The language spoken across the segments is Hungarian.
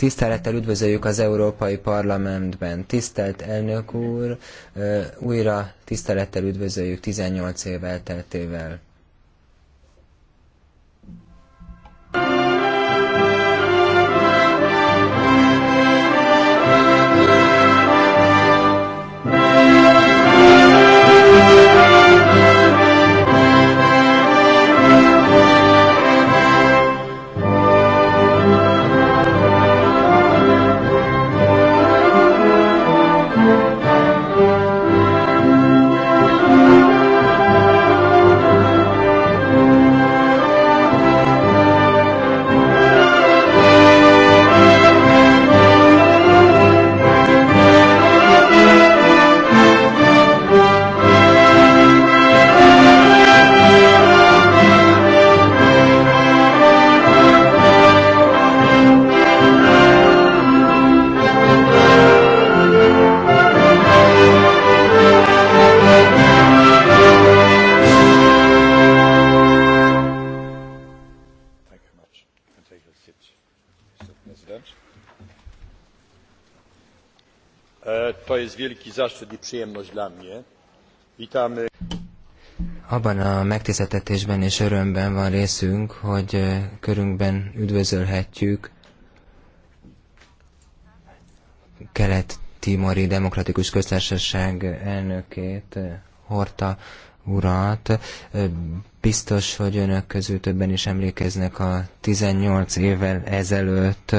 Tisztelettel üdvözöljük az Európai Parlamentben. Tisztelt elnök úr, újra tisztelettel üdvözöljük 18 év elteltével. zaszczyt i przyjemność dla mnie. Witamy. Abban a megtiszteltetésben és örömben van részünk, hogy e, körünkben üdvözölhetjük Kelet-Timori Demokratikus Köztársaság elnökét, e, Horta urat. E, biztos, hogy önök közül többen is emlékeznek a 18 évvel ezelőtt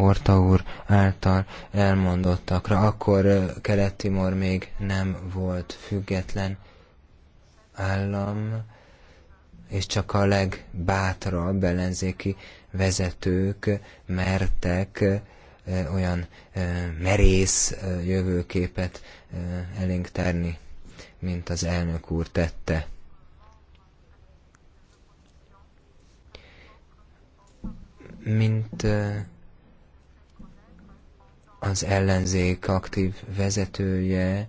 Horta úr által elmondottakra. Akkor Kelet-Timor még nem volt független állam, és csak a legbátrabb ellenzéki vezetők mertek olyan merész jövőképet elénk tárni, mint az elnök úr tette. Mint az ellenzék aktív vezetője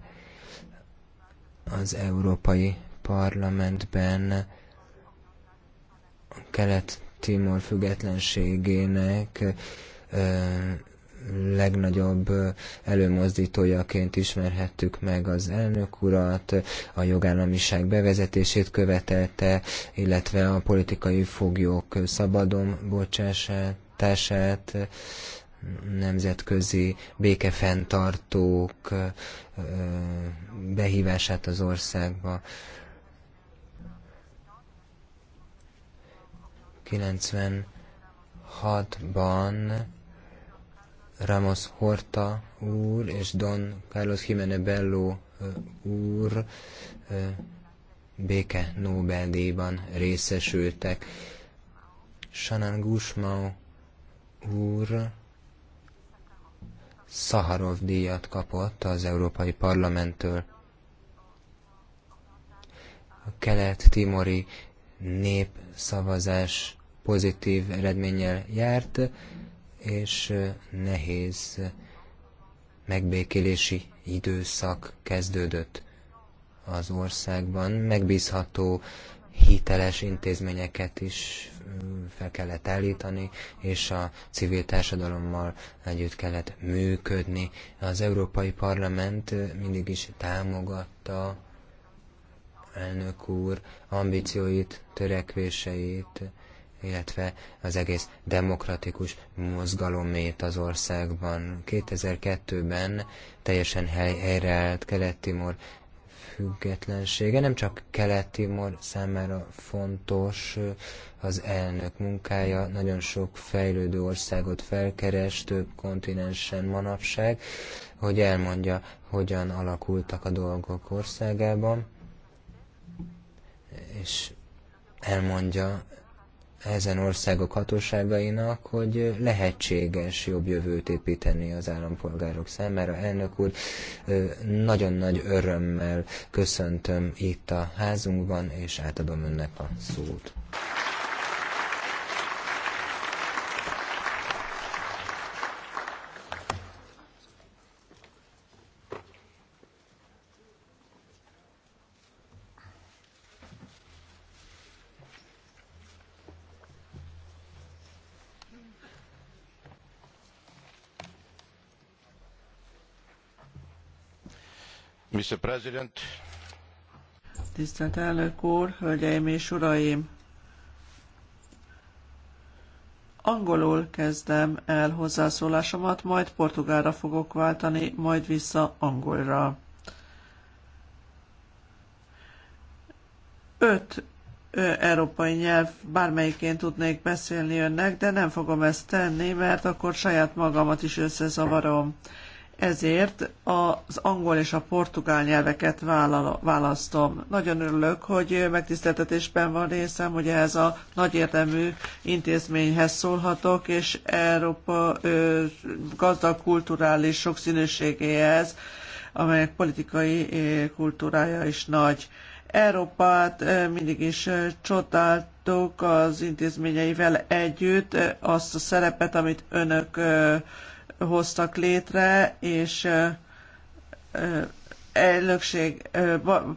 az Európai Parlamentben Kelet-Timor függetlenségének legnagyobb előmozdítójaként ismerhettük meg az elnök urat, a jogállamiság bevezetését követelte, illetve a politikai foglyok szabadon bocsását, nemzetközi békefenntartók behívását az országba. 96-ban Ramos Horta úr és Don Carlos Jimene Bello úr béke Nobel-díjban részesültek. Shannon Gusmao úr Szaharov díjat kapott az Európai Parlamenttől. A kelet-timori népszavazás pozitív eredménnyel járt, és nehéz megbékélési időszak kezdődött az országban. Megbízható, hiteles intézményeket is fel kellett állítani, és a civil társadalommal együtt kellett működni. Az Európai Parlament mindig is támogatta elnök úr ambícióit, törekvéseit, illetve az egész demokratikus mozgalomét az országban. 2002-ben teljesen helyreállt Kelet-Timor függetlensége nem csak Kelet-Timor számára fontos, az elnök munkája nagyon sok fejlődő országot felkeres, több kontinensen manapság, hogy elmondja, hogyan alakultak a dolgok országában, és elmondja ezen országok hatóságainak, hogy lehetséges jobb jövőt építeni az állampolgárok számára. Elnök úr, nagyon nagy örömmel köszöntöm itt a házunkban, és átadom önnek a szót. Tisztelt elnök úr, hölgyeim és uraim! Angolul kezdem el hozzászólásomat, majd portugálra fogok váltani, majd vissza angolra. Öt európai nyelv bármelyikén tudnék beszélni önnek, de nem fogom ezt tenni, mert akkor saját magamat is összezavarom ezért az angol és a portugál nyelveket választom. Nagyon örülök, hogy megtiszteltetésben van részem, hogy ehhez a érdemű intézményhez szólhatok, és Európa ö, gazdag kulturális sokszínűségéhez, amelyek politikai kultúrája is nagy. Európát mindig is csodáltuk az intézményeivel együtt azt a szerepet, amit önök hoztak létre, és e, elnökség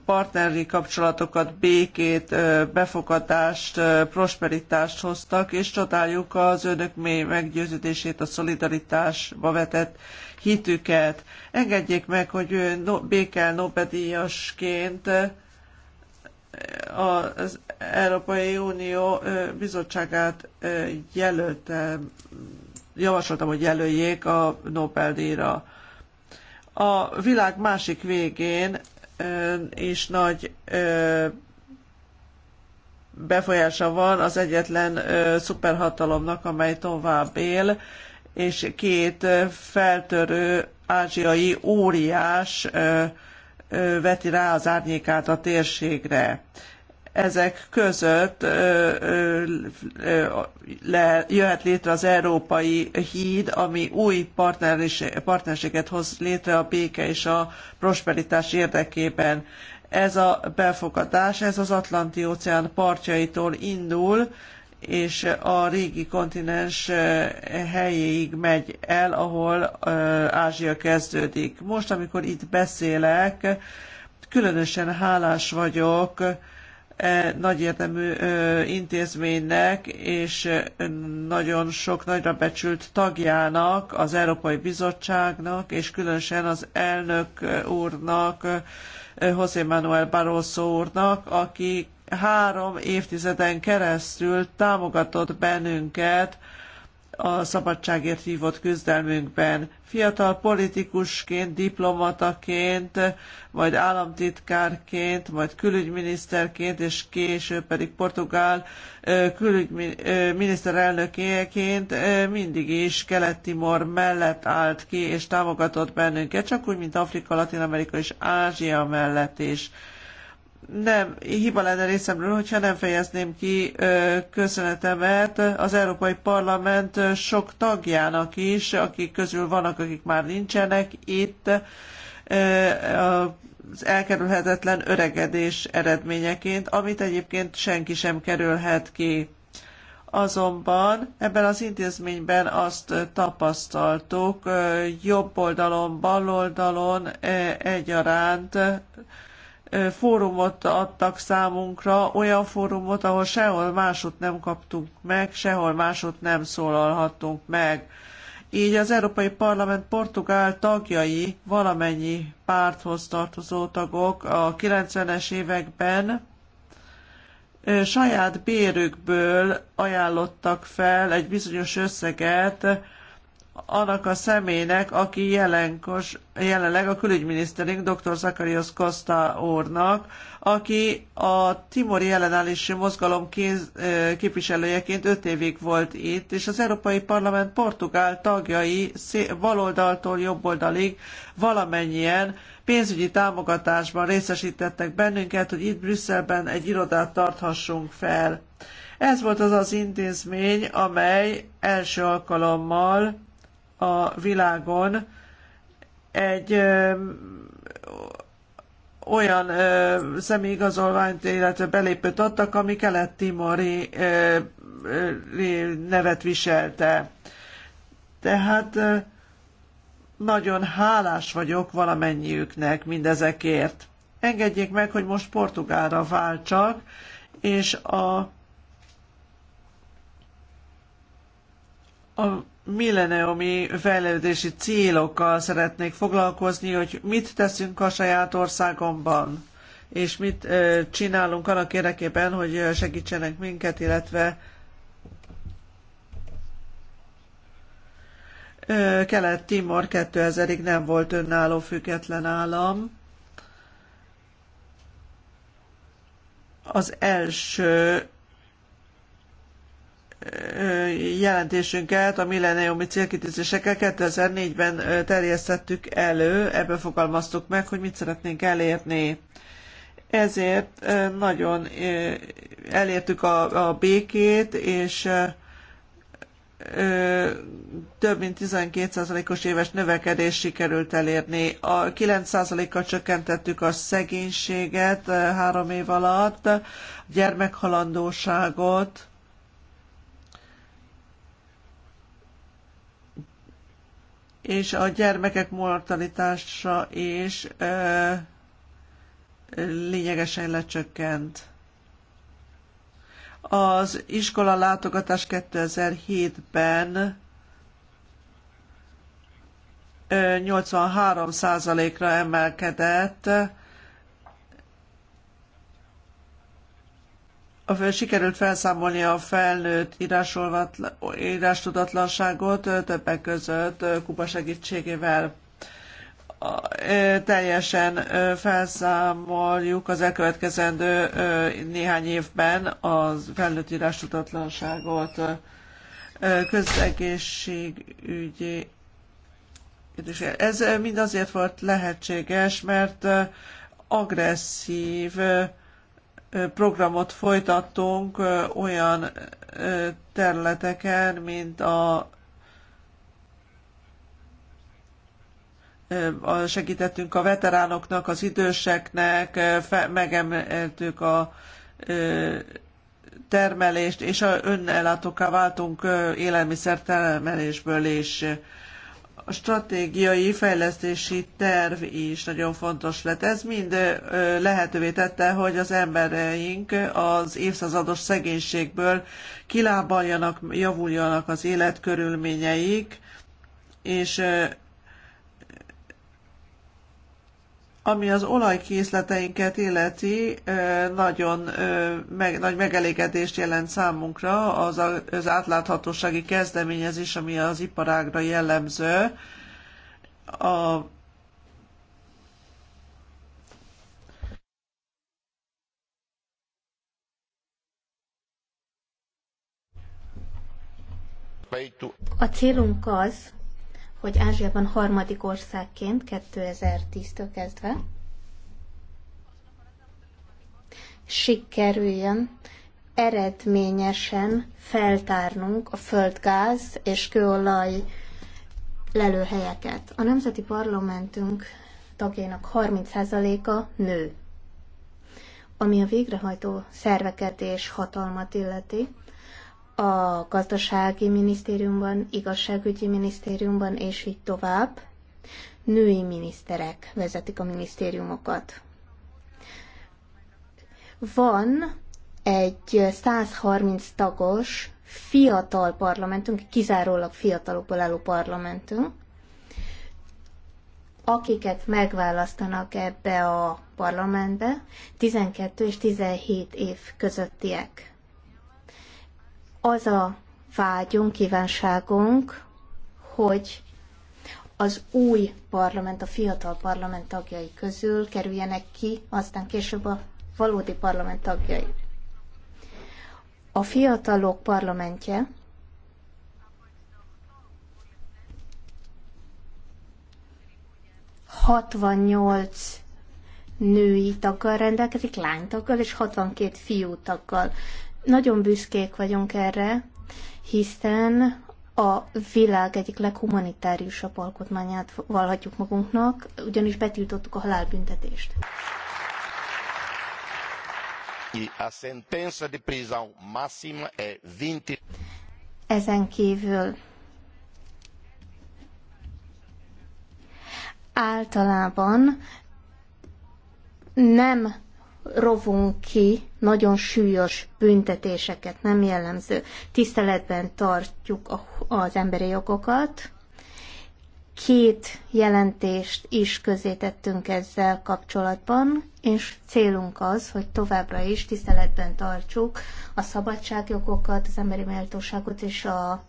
partneri kapcsolatokat, békét, befogadást, prosperitást hoztak, és csodáljuk az önök mély meggyőződését, a szolidaritásba vetett hitüket. Engedjék meg, hogy Békel Nobedíjasként az Európai Unió bizottságát jelöltem javasoltam, hogy jelöljék a Nobel-díjra. A világ másik végén is nagy befolyása van az egyetlen szuperhatalomnak, amely tovább él, és két feltörő ázsiai óriás veti rá az árnyékát a térségre ezek között le, jöhet létre az európai híd, ami új partnerséget hoz létre a béke és a prosperitás érdekében. Ez a befogadás, ez az Atlanti-óceán partjaitól indul, és a régi kontinens helyéig megy el, ahol Ázsia kezdődik. Most, amikor itt beszélek, különösen hálás vagyok E, nagy érdemű e, intézménynek és e, nagyon sok nagyra becsült tagjának, az Európai Bizottságnak és különösen az elnök úrnak, José Manuel Barroso úrnak, aki három évtizeden keresztül támogatott bennünket a szabadságért hívott küzdelmünkben. Fiatal politikusként, diplomataként, majd államtitkárként, majd külügyminiszterként, és később pedig portugál külügyminiszterelnökéként mindig is Kelet-Timor mellett állt ki és támogatott bennünket, csak úgy, mint Afrika, Latin-Amerika és Ázsia mellett is nem hiba lenne részemről, hogyha nem fejezném ki köszönetemet az Európai Parlament sok tagjának is, akik közül vannak, akik már nincsenek itt, az elkerülhetetlen öregedés eredményeként, amit egyébként senki sem kerülhet ki. Azonban ebben az intézményben azt tapasztaltuk, jobb oldalon, bal oldalon egyaránt, fórumot adtak számunkra, olyan fórumot, ahol sehol másot nem kaptunk meg, sehol másot nem szólalhattunk meg. Így az Európai Parlament portugál tagjai, valamennyi párthoz tartozó tagok a 90-es években saját bérükből ajánlottak fel egy bizonyos összeget annak a személynek, aki jelenkos, jelenleg a külügyminiszterünk, dr. Zakarios Costa úrnak, aki a Timori ellenállási mozgalom kéz, képviselőjeként öt évig volt itt, és az Európai Parlament portugál tagjai baloldaltól jobboldalig valamennyien pénzügyi támogatásban részesítettek bennünket, hogy itt Brüsszelben egy irodát tarthassunk fel. Ez volt az az intézmény, amely első alkalommal a világon egy olyan ö, személyigazolványt, illetve belépőt adtak, ami kelet-timori nevet viselte. Tehát ö, nagyon hálás vagyok valamennyiüknek mindezekért. Engedjék meg, hogy most portugálra váltsak, és a a milleniumi fejlődési célokkal szeretnék foglalkozni, hogy mit teszünk a saját országomban, és mit csinálunk annak érdekében, hogy segítsenek minket, illetve Kelet-Timor 2000-ig nem volt önálló független állam. Az első jelentésünket a milleniumi célkitűzésekkel 2004-ben terjesztettük elő, ebben fogalmaztuk meg, hogy mit szeretnénk elérni. Ezért nagyon elértük a, a békét, és több mint 12%-os éves növekedés sikerült elérni. A 9%-kal csökkentettük a szegénységet három év alatt, a gyermekhalandóságot, és a gyermekek mortalitása is ö, lényegesen lecsökkent. Az iskola látogatás 2007-ben 83%-ra emelkedett, sikerült felszámolni a felnőtt írástudatlanságot többek között Kuba segítségével. Teljesen felszámoljuk az elkövetkezendő néhány évben a felnőtt írástudatlanságot közegészségügyi ez mind azért volt lehetséges, mert agresszív programot folytattunk olyan területeken, mint a segítettünk a veteránoknak, az időseknek, megemeltük a termelést, és a önellátóká váltunk élelmiszer termelésből is. És a stratégiai fejlesztési terv is nagyon fontos lett. Ez mind lehetővé tette, hogy az embereink az évszázados szegénységből kilábaljanak, javuljanak az életkörülményeik, és Ami az olajkészleteinket illeti, nagyon meg, nagy megelégedést jelent számunkra az, az átláthatósági kezdeményezés, ami az iparágra jellemző. A A célunk az, hogy Ázsiában harmadik országként 2010-től kezdve sikerüljön eredményesen feltárnunk a földgáz és kőolaj lelőhelyeket. A Nemzeti Parlamentünk tagjainak 30%-a nő. Ami a végrehajtó szerveket és hatalmat illeti, a gazdasági minisztériumban, igazságügyi minisztériumban, és így tovább női miniszterek vezetik a minisztériumokat. Van egy 130 tagos fiatal parlamentünk, kizárólag fiatalokból álló parlamentünk, akiket megválasztanak ebbe a parlamentbe, 12 és 17 év közöttiek az a vágyunk, kívánságunk, hogy az új parlament, a fiatal parlament tagjai közül kerüljenek ki, aztán később a valódi parlament tagjai. A fiatalok parlamentje hatvannyolc női taggal rendelkezik, lánytaggal és 62 fiú taggal. Nagyon büszkék vagyunk erre, hiszen a világ egyik leghumanitáriusabb alkotmányát valhatjuk magunknak, ugyanis betiltottuk a halálbüntetést. E a sentença de prisão máxima é 20... Ezen kívül általában nem rovunk ki nagyon súlyos büntetéseket, nem jellemző. Tiszteletben tartjuk az emberi jogokat. Két jelentést is közétettünk ezzel kapcsolatban, és célunk az, hogy továbbra is tiszteletben tartsuk a szabadságjogokat, az emberi méltóságot és a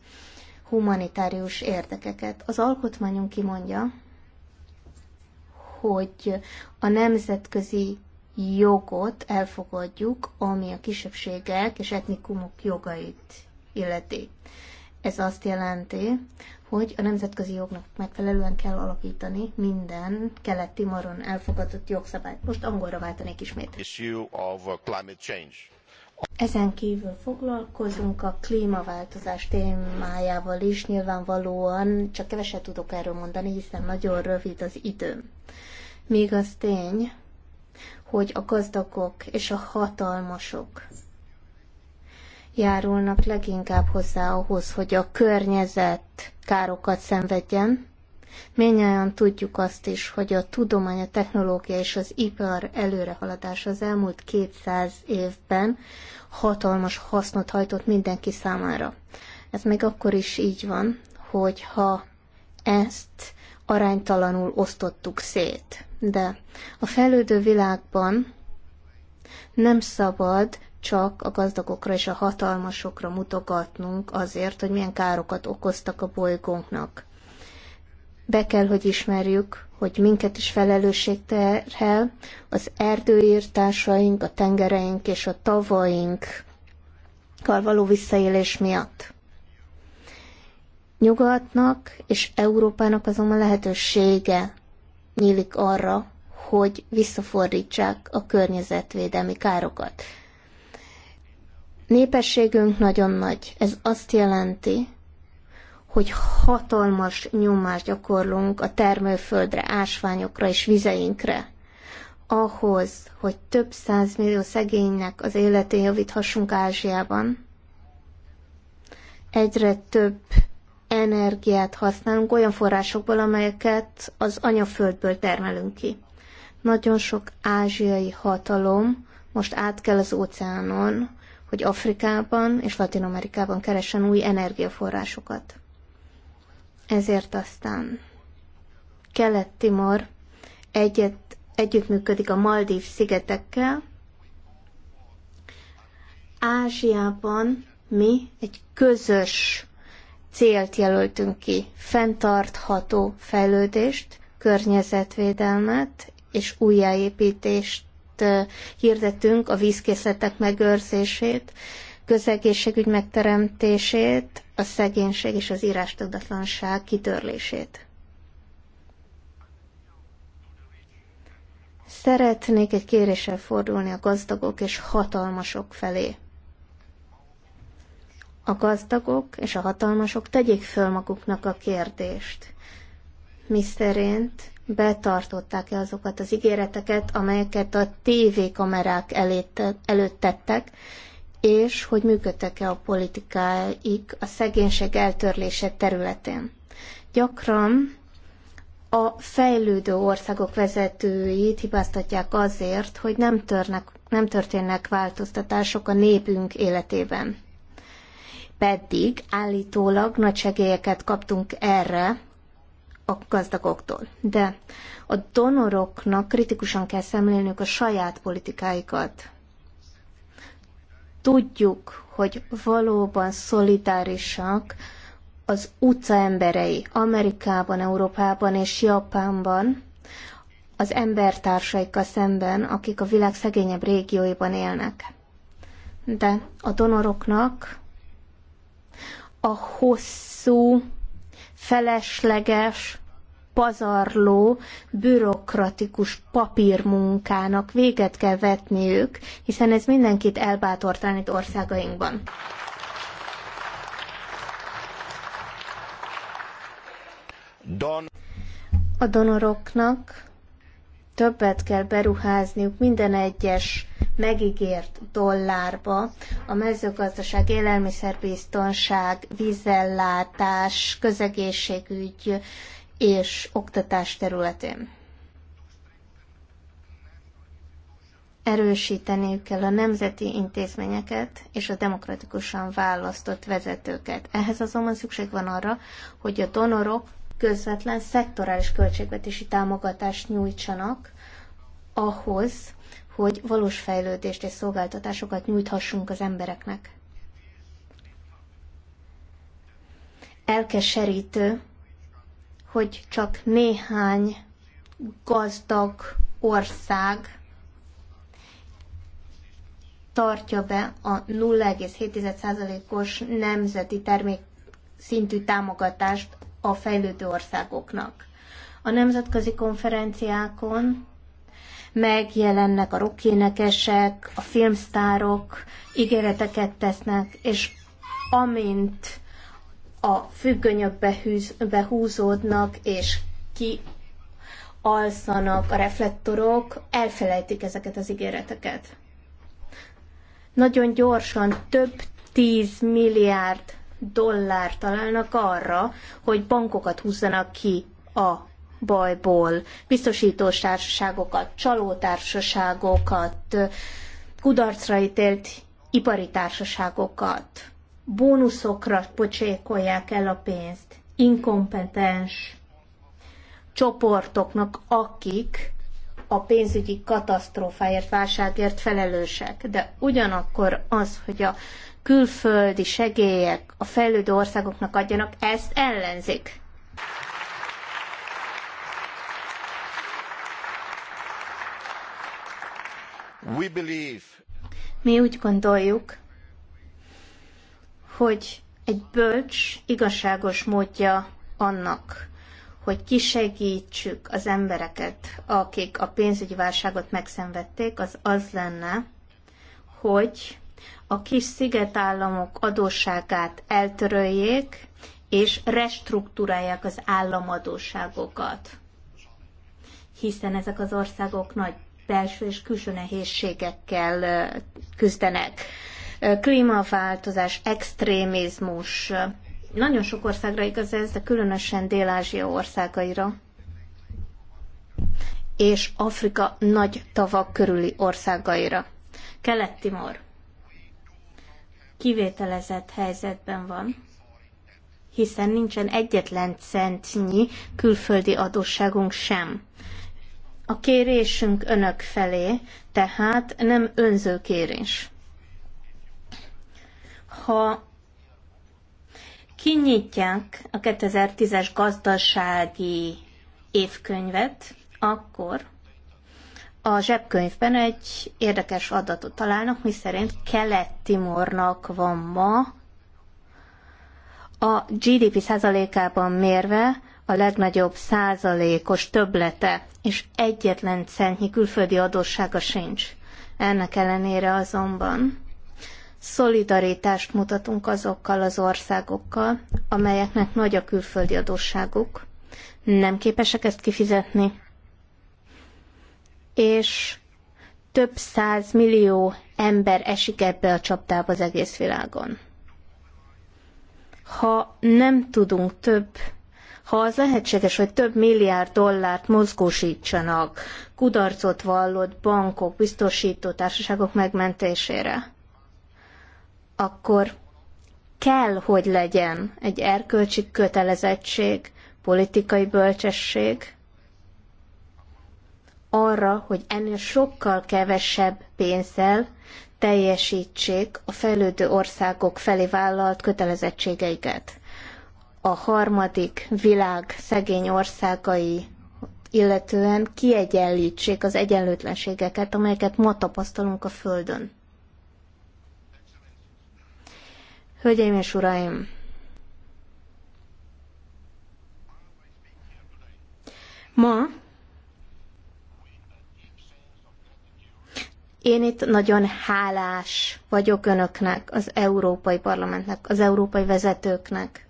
humanitárius érdekeket. Az alkotmányunk kimondja, hogy a nemzetközi jogot elfogadjuk, ami a kisebbségek és etnikumok jogait illeti. Ez azt jelenti, hogy a nemzetközi jognak megfelelően kell alakítani minden keleti maron elfogadott jogszabályt. Most angolra váltanék ismét. Ezen kívül foglalkozunk a klímaváltozás témájával is, nyilvánvalóan csak keveset tudok erről mondani, hiszen nagyon rövid az időm. Még az tény, hogy a gazdagok és a hatalmasok járulnak leginkább hozzá ahhoz, hogy a környezet károkat szenvedjen. Mindjárt tudjuk azt is, hogy a tudomány, a technológia és az ipar előrehaladás az elmúlt 200 évben hatalmas hasznot hajtott mindenki számára. Ez még akkor is így van, hogyha ezt aránytalanul osztottuk szét de a fejlődő világban nem szabad csak a gazdagokra és a hatalmasokra mutogatnunk azért, hogy milyen károkat okoztak a bolygónknak. Be kell, hogy ismerjük, hogy minket is felelősség terhel, az erdőírtásaink, a tengereink és a tavainkkal való visszaélés miatt. Nyugatnak és Európának azonban lehetősége nyílik arra, hogy visszafordítsák a környezetvédelmi károkat. Népességünk nagyon nagy. Ez azt jelenti, hogy hatalmas nyomást gyakorlunk a termőföldre, ásványokra és vizeinkre. Ahhoz, hogy több százmillió szegénynek az életén javíthassunk Ázsiában, egyre több energiát használunk olyan forrásokból, amelyeket az anyaföldből termelünk ki. Nagyon sok ázsiai hatalom most át kell az óceánon, hogy Afrikában és Latin-Amerikában keressen új energiaforrásokat. Ezért aztán Kelet-Timor egyet, együttműködik a Maldív szigetekkel. Ázsiában mi egy közös célt jelöltünk ki, fenntartható fejlődést, környezetvédelmet és újjáépítést hirdetünk, a vízkészletek megőrzését, közegészségügy megteremtését, a szegénység és az írástudatlanság kitörlését. Szeretnék egy kéréssel fordulni a gazdagok és hatalmasok felé a gazdagok és a hatalmasok tegyék föl maguknak a kérdést, szerint betartották-e azokat az ígéreteket, amelyeket a tévékamerák előtt tettek, és hogy működtek-e a politikáik a szegénység eltörlése területén. Gyakran a fejlődő országok vezetőit hibáztatják azért, hogy nem, törnek, nem történnek változtatások a népünk életében pedig állítólag nagy segélyeket kaptunk erre a gazdagoktól. De a donoroknak kritikusan kell szemlélnünk a saját politikáikat. Tudjuk, hogy valóban szolidárisak az utca emberei Amerikában, Európában és Japánban az embertársaikkal szemben, akik a világ szegényebb régióiban élnek. De a donoroknak a hosszú, felesleges, pazarló, bürokratikus papírmunkának véget kell vetniük, hiszen ez mindenkit itt országainkban. Don. A donoroknak többet kell beruházniuk minden egyes megígért dollárba a mezőgazdaság, élelmiszerbiztonság, vízellátás, közegészségügy és oktatás területén. Erősíteniük kell a nemzeti intézményeket és a demokratikusan választott vezetőket. Ehhez azonban szükség van arra, hogy a donorok közvetlen szektorális költségvetési támogatást nyújtsanak ahhoz, hogy valós fejlődést és szolgáltatásokat nyújthassunk az embereknek. Elkeserítő, hogy csak néhány gazdag ország tartja be a 0,7%-os nemzeti termék szintű támogatást a fejlődő országoknak. A nemzetközi konferenciákon megjelennek a rockénekesek, a filmsztárok, ígéreteket tesznek, és amint a függönyök behűz, behúzódnak, és ki alszanak a reflektorok, elfelejtik ezeket az ígéreteket. Nagyon gyorsan több 10 milliárd dollár találnak arra, hogy bankokat húzzanak ki a bajból, biztosítós társaságokat, csalótársaságokat, kudarcra ítélt ipari társaságokat, bónuszokra pocsékolják el a pénzt, inkompetens csoportoknak, akik a pénzügyi katasztrófáért, válságért felelősek. De ugyanakkor az, hogy a külföldi segélyek a fejlődő országoknak adjanak, ezt ellenzik. We believe. Mi úgy gondoljuk, hogy egy bölcs, igazságos módja annak, hogy kisegítsük az embereket, akik a pénzügyi válságot megszenvedték, az az lenne, hogy a kis szigetállamok adósságát eltöröljék, és restruktúrálják az államadóságokat. Hiszen ezek az országok nagy belső és külső nehézségekkel küzdenek. Klímaváltozás, extrémizmus, nagyon sok országra igaz ez, de különösen Dél-Ázsia országaira és Afrika nagy tavak körüli országaira. Kelet-Timor kivételezett helyzetben van, hiszen nincsen egyetlen centnyi külföldi adósságunk sem. A kérésünk önök felé, tehát nem önző kérés. Ha kinyitják a 2010-es gazdasági évkönyvet, akkor a zsebkönyvben egy érdekes adatot találnak, miszerint Kelet-Timornak van ma a GDP százalékában mérve a legnagyobb százalékos töblete, és egyetlen centnyi külföldi adóssága sincs. Ennek ellenére azonban szolidaritást mutatunk azokkal az országokkal, amelyeknek nagy a külföldi adósságuk, nem képesek ezt kifizetni, és több száz millió ember esik ebbe a csapdába az egész világon. Ha nem tudunk több, ha az lehetséges, hogy több milliárd dollárt mozgósítsanak kudarcot vallott bankok, biztosító társaságok megmentésére, akkor kell, hogy legyen egy erkölcsi kötelezettség, politikai bölcsesség, arra, hogy ennél sokkal kevesebb pénzzel teljesítsék a fejlődő országok felé vállalt kötelezettségeiket. A harmadik világ szegény országai illetően kiegyenlítsék az egyenlőtlenségeket, amelyeket ma tapasztalunk a Földön. Hölgyeim és Uraim! Ma Én itt nagyon hálás vagyok önöknek, az Európai Parlamentnek, az európai vezetőknek,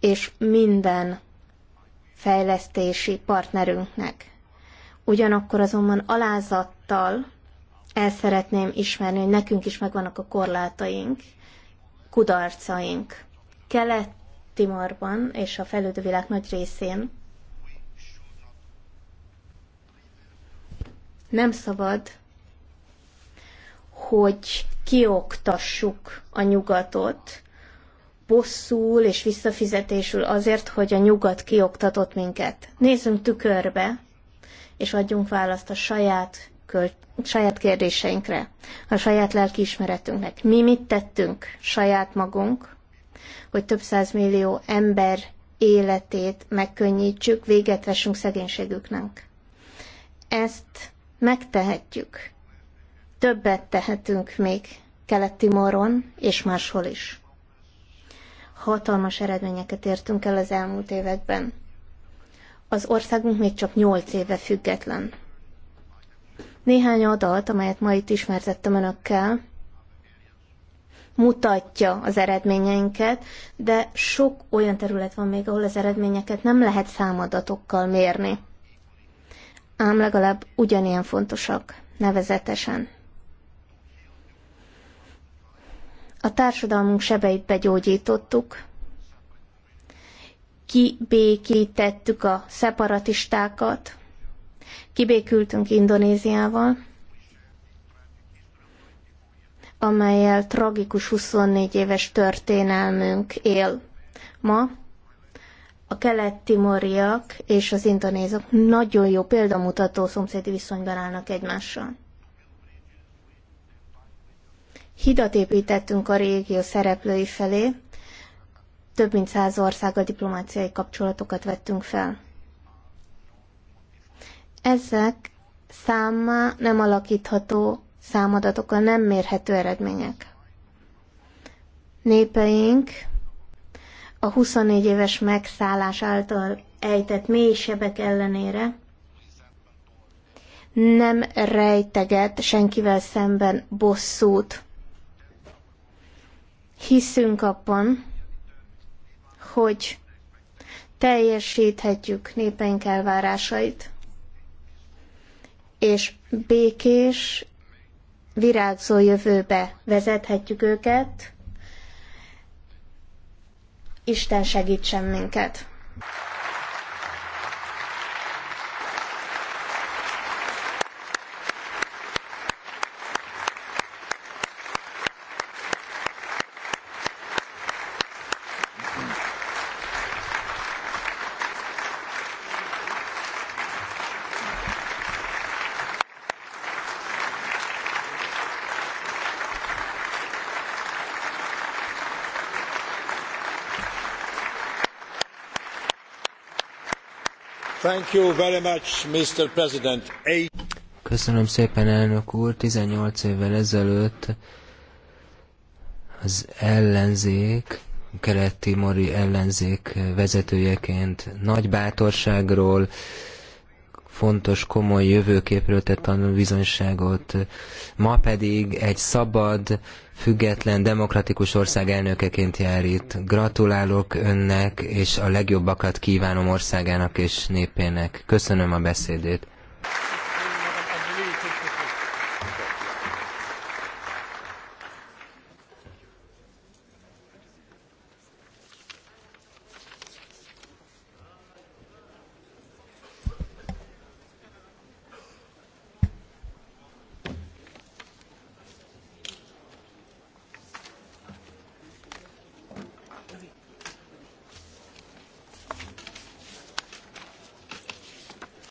és minden fejlesztési partnerünknek. Ugyanakkor azonban alázattal el szeretném ismerni, hogy nekünk is megvannak a korlátaink, kudarcaink. Kelet-Timorban és a fejlődő világ nagy részén nem szabad hogy kioktassuk a nyugatot bosszul és visszafizetésül azért, hogy a nyugat kioktatott minket. Nézzünk tükörbe, és adjunk választ a saját, köl- saját kérdéseinkre, a saját lelkiismeretünknek. Mi mit tettünk saját magunk, hogy több millió ember életét megkönnyítsük, véget vessünk szegénységüknek. Ezt megtehetjük Többet tehetünk még Kelet-Timoron és máshol is. Hatalmas eredményeket értünk el az elmúlt években. Az országunk még csak nyolc éve független. Néhány adat, amelyet ma itt ismertettem önökkel, mutatja az eredményeinket, de sok olyan terület van még, ahol az eredményeket nem lehet számadatokkal mérni. Ám legalább ugyanilyen fontosak, nevezetesen a társadalmunk sebeit begyógyítottuk, kibékítettük a szeparatistákat, kibékültünk Indonéziával, amelyel tragikus 24 éves történelmünk él. Ma a kelet-timoriak és az indonézok nagyon jó példamutató szomszédi viszonyban állnak egymással. Hidat építettünk a régió szereplői felé, több mint száz országgal diplomáciai kapcsolatokat vettünk fel. Ezek számmá nem alakítható számadatokkal nem mérhető eredmények. Népeink a 24 éves megszállás által ejtett mélysebek ellenére nem rejteget senkivel szemben bosszút. Hiszünk abban, hogy teljesíthetjük népeink elvárásait, és békés, virágzó jövőbe vezethetjük őket. Isten segítsen minket! Köszönöm szépen, elnök úr. 18 évvel ezelőtt az ellenzék, keleti mori ellenzék vezetőjeként nagy bátorságról, fontos, komoly jövőképről tett tanulbizonyságot. Ma pedig egy szabad, független, demokratikus ország elnökeként jár itt. Gratulálok önnek, és a legjobbakat kívánom országának és népének. Köszönöm a beszédét.